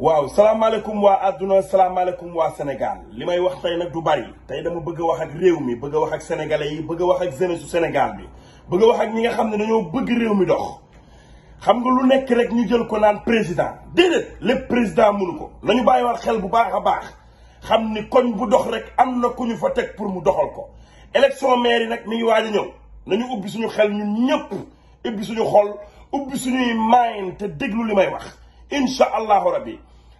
waaw salaamaaleykum waa àdduna salaamaaleykum waa Sénégal li may wax tey nag du bari tey dama bëgg a wax ak réew mi bëgg a wax ak sénégalais yi bëgg a wax ak jeunesse su Sénégal bi bëgg a wax ak ñi nga xam ne dañoo bëgg réew mi dox. xam nga lu nekk rek ñu jël ko naan président déedéet lépp président mënu ko ñu bàyyi bàyyiwaat xel bu baax a baax xam ni koñ bu dox rek am na ku ñu fa teg pour mu doxal ko. élection maire nag mi ngi waaj a ñëw nañu ubbi suñu xel ñun ñëpp ubbi suñu xol ubbi suñuy maayin te déglu li may wax incha allahu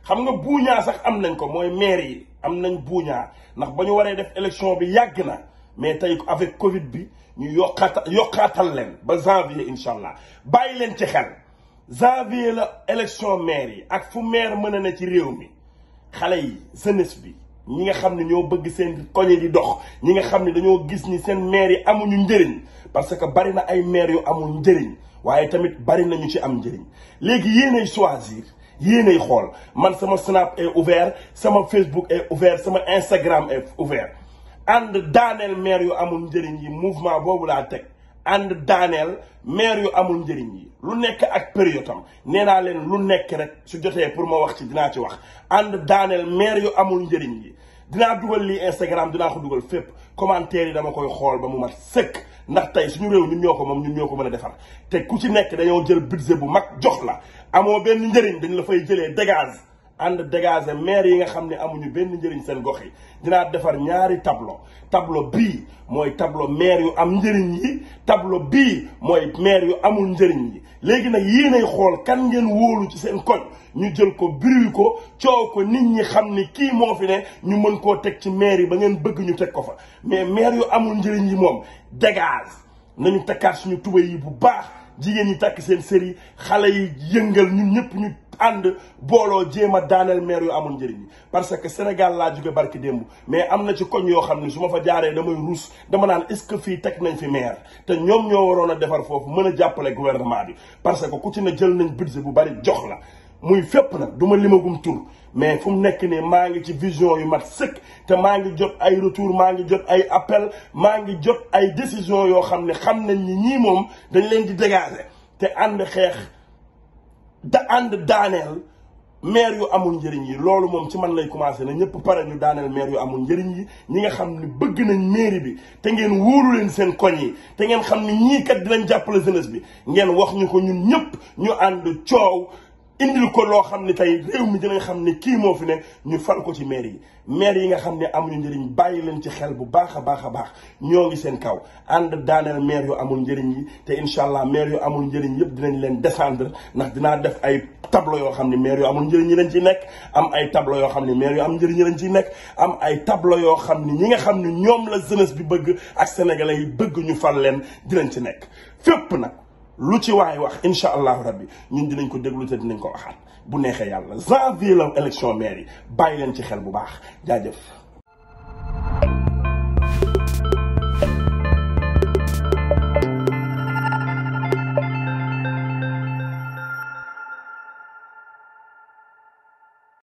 xam nga buuñaa sax am nañ ko mooy maire yi am nañ buuñaa ndax ba ñu waree def élection bi yàgg na mais tey avec Covid bi ñu yokkaata yokkaatal leen ba janvier incha allah bàyyi leen ci xel janvier la élection maire yi ak fu maire mën a ne ci réew mi xale yi jeunesse bi ñi nga xam ne ñoo bëgg seen koñe di dox ñi nga xam ni dañoo gis ni seen maire yi amuñu njëriñ parce que bari na ay maire yu amul njëriñ waaye tamit bari ñu ci am njëriñ léegi yéenay choisir yéenay xool man sama snap est ouvert sama facebook est ouvert sama instagram est ouvert ànd daaneel mair yu amul njëriñ yi mouvement boobu laa teg ànd daaneel maire yu amul njëriñ yi lu nekk ak période am nee leen lu nekk rek su jotee pour ma wax ci dinaa ci wax ànd daaneel maire yu amul njëriñ yi dinaa dugal lii Instagram dinaa ko dugal fépp commentaire yi dama koy xool ba mu mat sëkk ndax tey suñu réew ñun ñoo ko moom ñun ñoo ko mën a defar te ku ci nekk dañoo jël budget bu mag jox la amoo benn njëriñ dañ la fay jëlee dégage ànd dégager maire yi nga xam ne amuñu benn njëriñ seen gox yi dinaa defar ñaari tablo tableau bii mooy tableau maire yu am njëriñ yi tableau bii mooy maire yu amul njëriñ yi léegi nag yéenay xool kan ngeen wóolu ci seen koñ ñu jël ko biri ko coow ko nit ñi xam ni kii moo fi ne ñu mën koo teg ci maire yi ba ngeen bëgg ñu teg ko fa mais maire yu amul njëriñ yi moom dégage nañu takkaat suñu tubéy yi bu baax jigéen ñi takk seen sër xale yi yëngal ñu ñëpp ñu ànd booloo jéem a daaneel maire yu amul njëriñ parce que Sénégal laa jóge barki démb mais am na ci koñ yoo xam ne su ma fa jaaree damay ruus dama naan est-ce que fii teg nañ fi maire te ñoom ñoo waroon a defar foofu mën a jàppale gouvernement bi parce que ku ci ne jël nañ budget bu bari jox la muy fépp nag du ma limagum tur mais fu mu nekk nii maa ngi ci vision yu mat sëkk te maa ngi jot ay retour maa ngi jot ay appel maa ngi jot ay décision yoo xam ne xam nañ ni ñii moom dañ leen di dégager te ànd xeex da ànd daaneel maire yu amul njëriñ yi loolu moom ci man lay commencé na ñëpp pare ñu daaneel maire yu amul njëriñ yi ñi nga xam ni bëgg nañ mairie bi te ngeen wóolu leen seen koñ yi te ngeen xam ni ñii kat dinañ jàppale jeunesse bi ngeen wax ñu ko ñun ñëpp ñu ànd coow indil ko loo xam ni tey réew mi dinañ xam ne kii moo fi ne ñu fal ko ci maire yi mair yi nga xam ne amuñu njëriñ bàyyi leen ci xel bu baax a baax a baax ñoo ngi seen kaw ànd daaneel mair yu amul njëriñ yi te incha allah maire yu amul njëriñ dinañ leen descendre ndax dinaa def ay tableau yoo xam ne maire yu amul njëriñ ñi lañ ci nekk am ay tableau yoo xam ne maire yu am njëriñ ñi lañ ci nekk am ay tableau yoo xam ne ñi nga xam ne ñoom la jeunesse bi bëgg ak sénégalais yi bëgg ñu fal leen dinañ ci nekk fépp nag lu ci waay wax incha allahu rabbi ñun dinañ ko déglu te dinañ ko waxaat bu neexee yàlla janvier la élection maire yi bàyyi leen ci xel bu baax jaajëf